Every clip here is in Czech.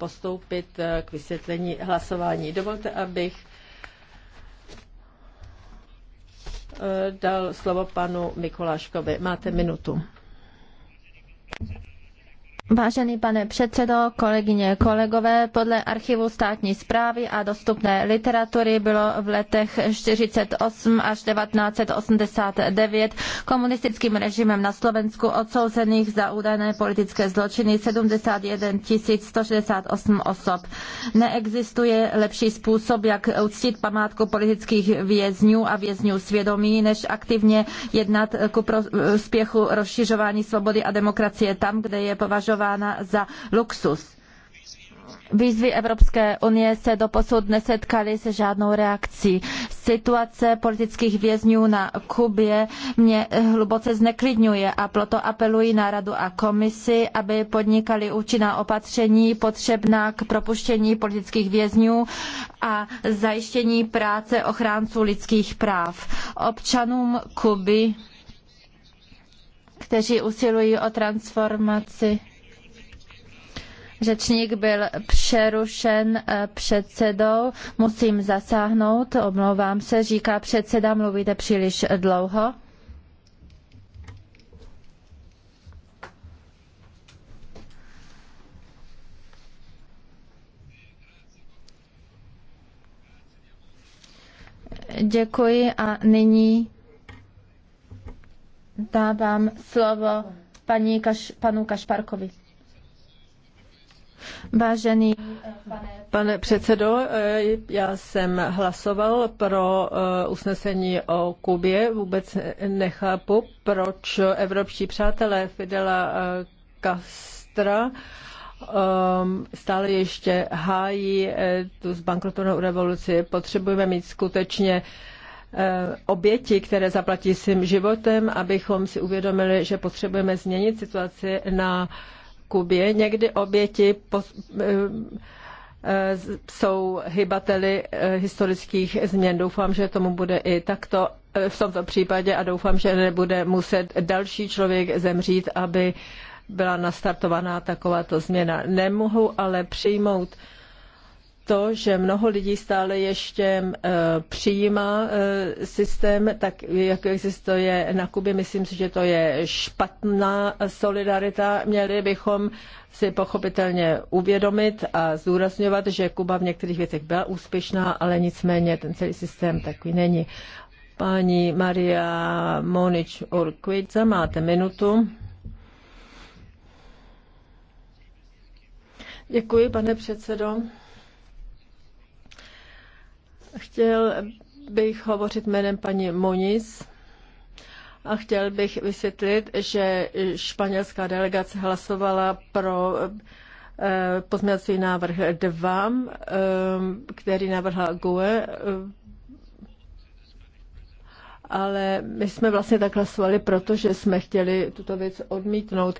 postoupit eh, k vysvětlení hlasování. Dovolte, abych eh, dal slovo panu Mikuláškovi. Máte minutu. Vážený pane předsedo, kolegyně, kolegové, podle archivu státní správy a dostupné literatury bylo v letech 48 až 1989 komunistickým režimem na Slovensku odsouzených za údajné politické zločiny 71 168 osob. Neexistuje lepší způsob, jak uctit památku politických vězňů a vězňů svědomí, než aktivně jednat ku prospěchu rozšiřování svobody a demokracie tam, kde je považováno považována za luxus. Výzvy Evropské unie se doposud nesetkaly se žádnou reakcí. Situace politických vězňů na Kubě mě hluboce zneklidňuje a proto apeluji na Radu a komisi, aby podnikali účinná opatření potřebná k propuštění politických vězňů a zajištění práce ochránců lidských práv. Občanům Kuby, kteří usilují o transformaci Řečník byl přerušen eh, předsedou. Musím zasáhnout, omlouvám se, říká předseda, mluvíte příliš dlouho. Děkuji a nyní dávám slovo paní Kaš, panu Kašparkovi. Vážený pane předsedo, eh, já jsem hlasoval pro eh, usnesení o Kubě. Vůbec nechápu, proč evropští přátelé Fidela eh, Castra ehm, stále ještě hájí tu zbankrotovanou revoluci. Potřebujeme mít skutečně oběti, které zaplatí svým životem, abychom si uvědomili, že potřebujeme změnit situaci na Kubě. Někdy oběti eh, jsou hybateli eh, historických změn. Doufám, že tomu bude i takto eh, v tomto případě a doufám, že nebude muset další člověk zemřít, aby byla nastartovaná takováto změna. Nemohu ale přijmout to, že mnoho lidí stále ještě eh, přijímá eh, systém, tak jak existuje na Kubě, myslím si, že to je špatná solidarita. Měli bychom si pochopitelně uvědomit a zdůrazňovat, že Kuba v některých věcech byla úspěšná, ale nicméně ten celý systém takový není. Paní Maria Monič Urquiza, máte minutu. Děkuji, pane předsedo. Chtěl bych hovořit jménem paní Moniz a chtěl bych vysvětlit, že španělská delegace hlasovala pro eh, pozměňovací návrh 2, eh, který navrhla GUE, eh, ale my jsme vlastně tak hlasovali, protože jsme chtěli tuto věc odmítnout.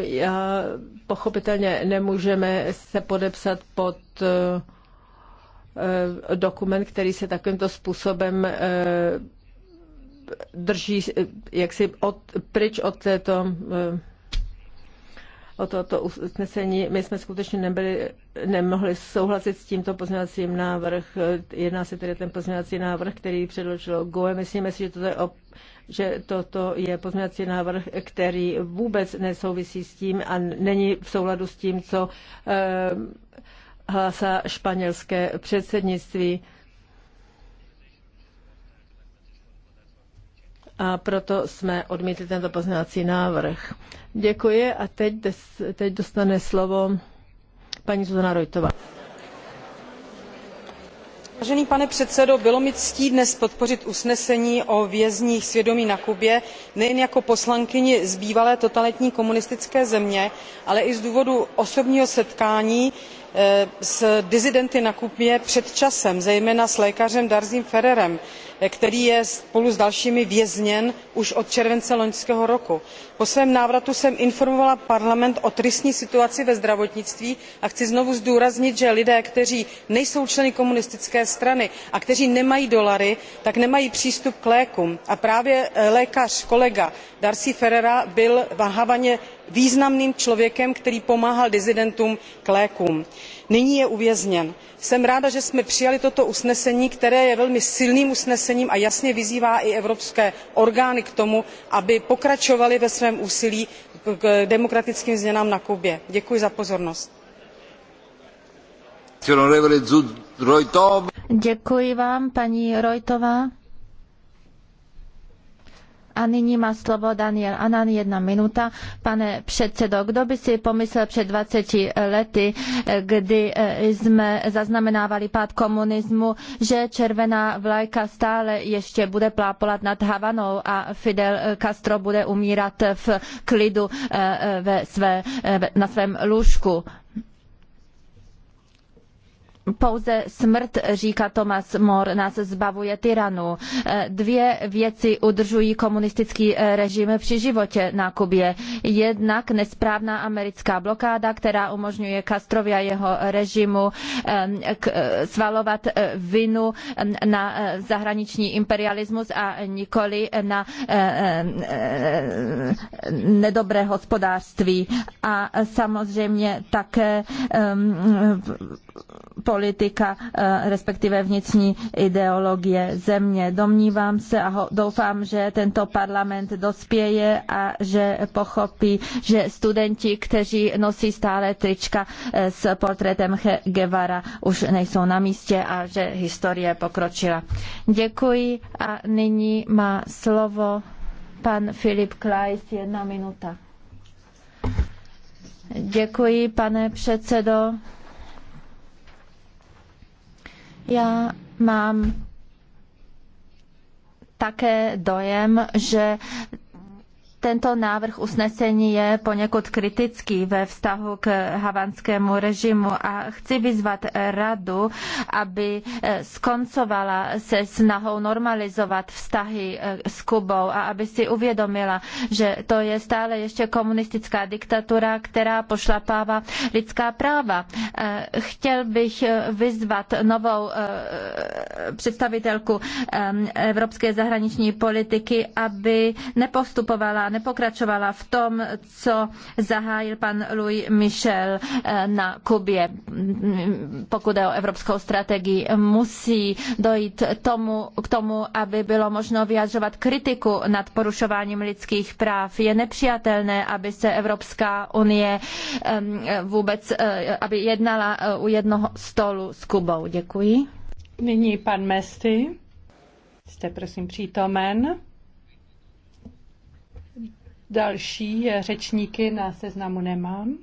Já pochopitelně nemůžeme se podepsat pod Eh, dokument, který se takovýmto způsobem eh, drží eh, jaksi od, pryč od této o toto usnesení. My jsme skutečně nebyli, nemohli souhlasit s tímto pozměňovacím návrh. Jedná se tedy ten pozměňovací návrh, který předložilo GOE. Myslíme si, že toto je, op, že toto je pozměňovací návrh, který vůbec nesouvisí s tím a není v souladu s tím, co eh, hlásá španělské předsednictví. A proto jsme odmítli tento poznávací návrh. Děkuji a teď, teď dostane slovo paní Zuzana Rojtová vážený pane předsedo bylo mi ctí dnes podpořit usnesení o vězních svědomí na kubě nejen jako poslankyni z bývalé totalitní komunistické země ale i z důvodu osobního setkání eh, s disidenty na kubě před časem zejména s lékařem darzím ferrerem který je spolu s dalšími vězněn už od července loňského roku. po svém návratu jsem informovala parlament o tristní situaci ve zdravotnictví a chci znovu zdůraznit že lidé kteří nejsou členy komunistické strany a kteří nemají dolary tak nemají přístup k lékům a právě lékař kolega darsi ferrera byl v havaně významným člověkem který pomáhal disidentům k lékům. nyní je uvězněn. jsem ráda že jsme přijali toto usnesení které je velmi silným usnesením a jasně vyzývá i evropské orgány k tomu aby pokračovaly ve svém úsilí k demokratickým změnám na kubě. děkuji za pozornost. Děkuji vám, paní Rojtová. A nyní má slovo Daniel Anan, jedna minuta. Pane předsedo, kdo by si pomyslel před 20 lety, kdy eh, jsme zaznamenávali pád komunismu, že červená vlajka stále ještě bude plápolat nad Havanou a Fidel Castro bude umírat v klidu eh, eh, ve své, na svém lůžku pouze smrt, říká Thomas More, nás zbavuje tyranu. Dvě věci udržují komunistický režim při životě na Kubě. Jednak nesprávná americká blokáda, která umožňuje Castrovi a jeho režimu svalovat eh, vinu na eh, zahraniční imperialismus a nikoli na eh, nedobré hospodářství. A samozřejmě také po politika, eh, respektive vnitřní ideologie země. Domnívám se a doufám, že tento parlament dospěje a že pochopí, že studenti, kteří nosí stále trička eh, s portrétem Che Guevara, už nejsou na místě a že historie pokročila. Děkuji a nyní má slovo pan Filip Kleist, jedna minuta. Děkuji, pane předsedo. Já mám také dojem, že tento návrh usnesení je poněkud kritický ve vztahu k havanskému režimu a chci vyzvat radu, aby eh, skoncovala se snahou normalizovat vztahy eh, s Kubou a aby si uvědomila, že to je stále ještě komunistická diktatura, která pošlapává lidská práva. Eh, chtěl bych vyzvat novou představitelku evropské zahraniční politiky, aby nepostupovala a nepokračovala v tom, co zahájil pan Louis Michel eh, na Kubě, pokud je o evropskou strategii. Musí dojít tomu, k tomu, aby bylo možno vyjadřovat kritiku nad porušováním lidských práv. Je nepřijatelné, aby se Evropská unie vůbec, eh, aby jednala eh, u jednoho stolu s Kubou. Děkuji. Nyní pan Mesty. Jste prosím přítomen. Další řečníky na seznamu nemám.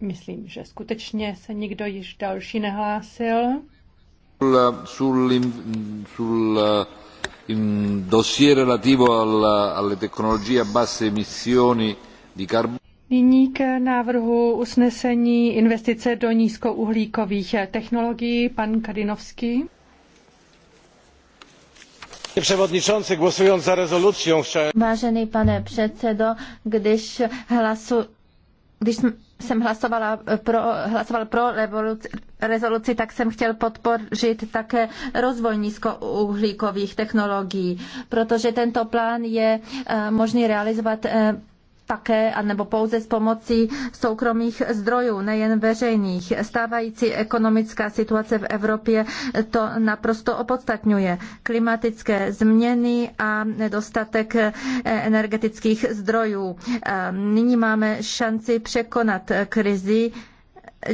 Myslím, že skutečně se nikdo již další nehlásil. Sul, dossier relativo alle tecnologie basse emissioni di Nyní k návrhu usnesení investice do nízkouhlíkových technologií. Pan Kadinovský. Vážený pane předsedo, když hlasu, když jsem hlasovala pro, hlasoval pro revoluci, rezoluci, tak jsem chtěl podpořit také rozvoj nízkouhlíkových technologií, protože tento plán je eh, možný realizovat eh, také anebo pouze s pomocí soukromých zdrojů, nejen veřejných. Stávající ekonomická situace v Evropě to naprosto opodstatňuje. Klimatické změny a nedostatek energetických zdrojů. Ehm, nyní máme šanci překonat krizi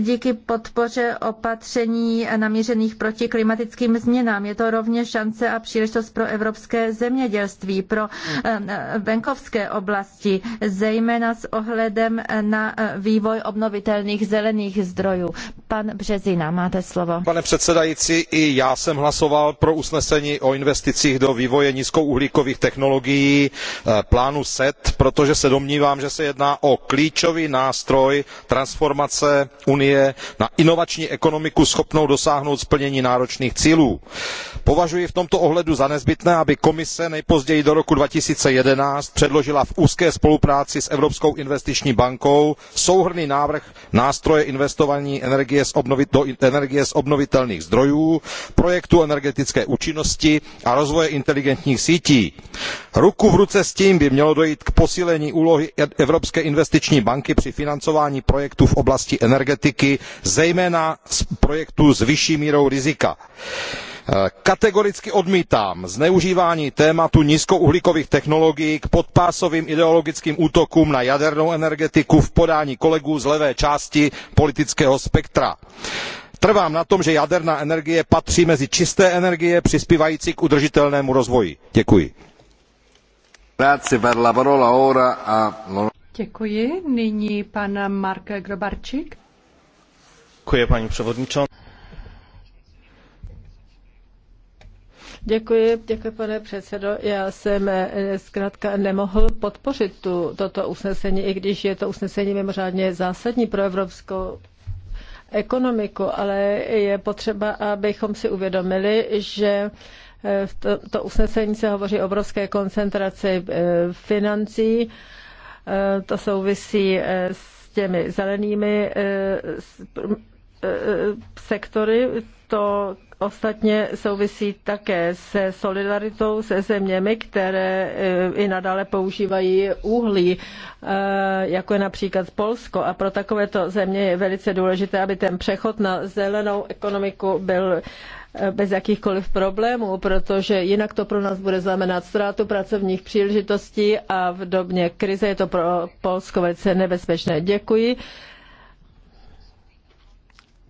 díky podpoře opatření namířených proti klimatickým změnám. Je to rovněž šance a příležitost pro evropské zemědělství, pro eh, venkovské oblasti, zejména s ohledem na eh, vývoj obnovitelných zelených zdrojů. Pan Březina, máte slovo. Pane předsedající, i já jsem hlasoval pro usnesení o investicích do vývoje nízkouhlíkových technologií eh, plánu SET, protože se domnívám, že se jedná o klíčový nástroj transformace unie na inovační ekonomiku schopnou dosáhnout splnění náročných cílů. považuji v tomto ohledu za nezbytné aby komise nejpozději do roku two thousand and eleven předložila v úzké spolupráci s evropskou investiční bankou souhrnný návrh nástroje investování do energie z obnovitelných zdrojů projektu energetické účinnosti a rozvoje inteligentních sítí. ruku v ruce s tím by mělo dojít k posílení úlohy e- evropské investiční banky při financování projektů v oblasti energetiky politiky zejména z projektů s vyšší mírou rizika. E, kategoricky odmítám zneužívání tématu nízkouhlíkových technologií k podpásovým ideologickým útokům na jadernou energetiku v podání kolegů z levé části politického spektra trvám na tom že jaderná energie patří mezi čisté energie přispívající k udržitelnému rozvoji. děkuji. děkuji. nyní pan mark grobarczyk. Děkuji, paní předsedající. Děkuji, pane předsedo. Já jsem eh, zkrátka nemohl podpořit tu, toto usnesení, i když je to usnesení mimořádně zásadní pro Evropskou ekonomiku, ale je potřeba, abychom si uvědomili, že eh, v tomto usnesení se hovoří o obrovské koncentraci eh, financí. To souvisí s těmi zelenými Eh, eh, sektory. To ostatně souvisí také se solidaritou se zeměmi, které eh, i nadále používají uhlí, jako je například Polsko. A pro takovéto země je velice důležité, aby ten přechod na zelenou ekonomiku byl bez jakýchkoliv problémů, protože jinak to pro nás bude znamenat ztrátu pracovních příležitostí a v době krize je to pro Polsko velice nebezpečné. Děkuji.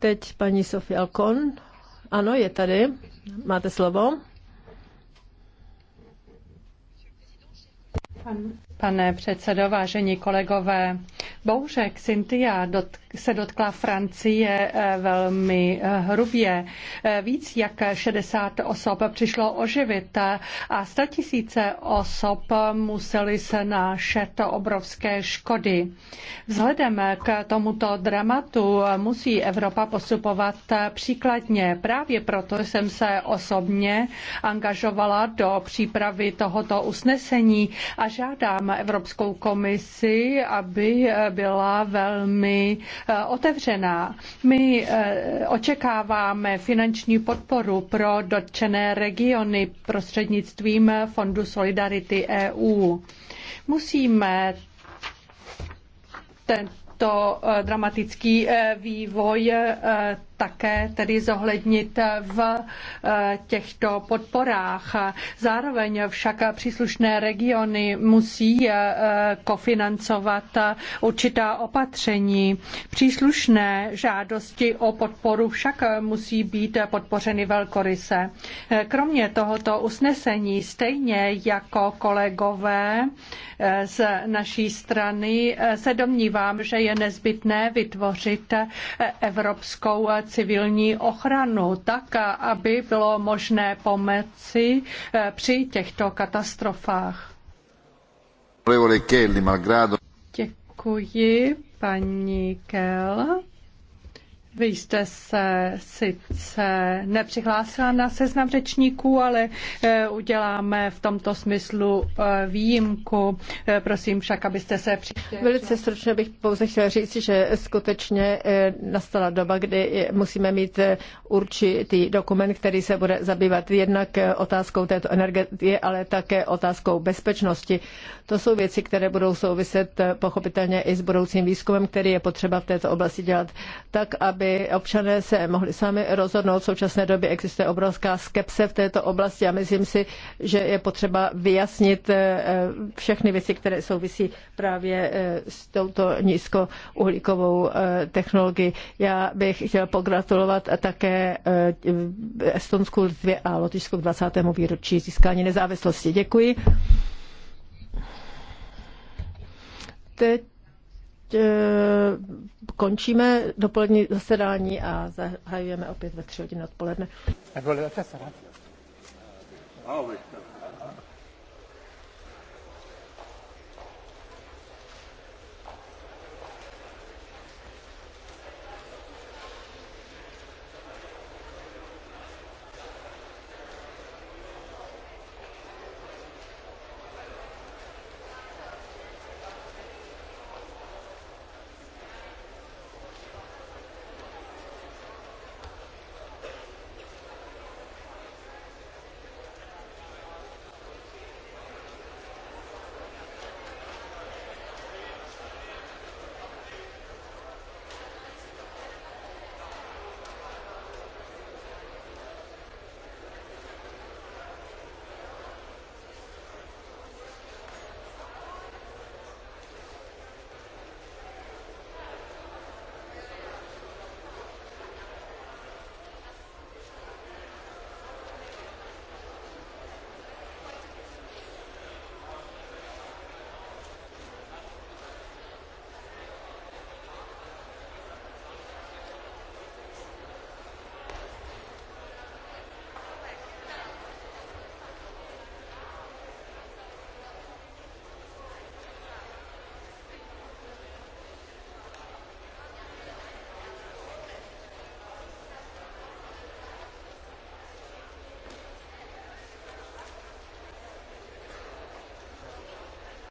Teď paní Sofia Alkon. Ano, je tady. Máte slovo. pane předsedo, vážení kolegové, Bouřek Cynthia se dotkla Francie eh, velmi eh, hrubě. Eh, víc jak 60 osob přišlo oživit a 100 tisíce osob museli se nášet obrovské škody. Vzhledem k tomuto dramatu musí Evropa postupovat příkladně. Právě proto jsem se osobně angažovala do přípravy tohoto usnesení a žádám Evropskou komisi, aby byla velmi eh, otevřená. My eh, očekáváme finanční podporu pro dotčené regiony prostřednictvím Fondu Solidarity EU. Musíme tento eh, dramatický vývoj také tedy zohlednit v eh, těchto podporách. Zároveň však příslušné regiony musí eh, kofinancovat určitá opatření. Příslušné žádosti o podporu však musí být podpořeny velkoryse. Eh, kromě tohoto usnesení stejně jako kolegové z naší strany se domnívám, že je nezbytné vytvořit evropskou civilní ochranu, tak aby bylo možné pomoci eh, při těchto katastrofách. Děkuji, paní Kell. Vy jste se sice nepřihlásila na seznam řečníků, ale eh, uděláme v tomto smyslu eh, výjimku. Eh, prosím však, abyste se přihlásili. Velice stručně bych pouze chtěla říct, že skutečně nastala doba, kdy musíme mít určitý dokument, který se bude zabývat jednak otázkou této energie, ale také otázkou bezpečnosti. To jsou věci, které budou souviset pochopitelně i s budoucím výzkumem, který je potřeba v této oblasti dělat tak, aby aby občané se mohli sami rozhodnout. V současné době existuje obrovská skepse v této oblasti a myslím si, že je potřeba vyjasnit eh, všechny věci, které souvisí právě eh, s touto nízkouhlíkovou eh, technologií. Já bych chtěl pogratulovat také Estonsku, Litvě a Lotyšsku k 20. výročí získání nezávislosti. Děkuji. Teď Eh, končíme dopolední zasedání a zahajujeme opět ve tři hodiny odpoledne. Eh. Ah,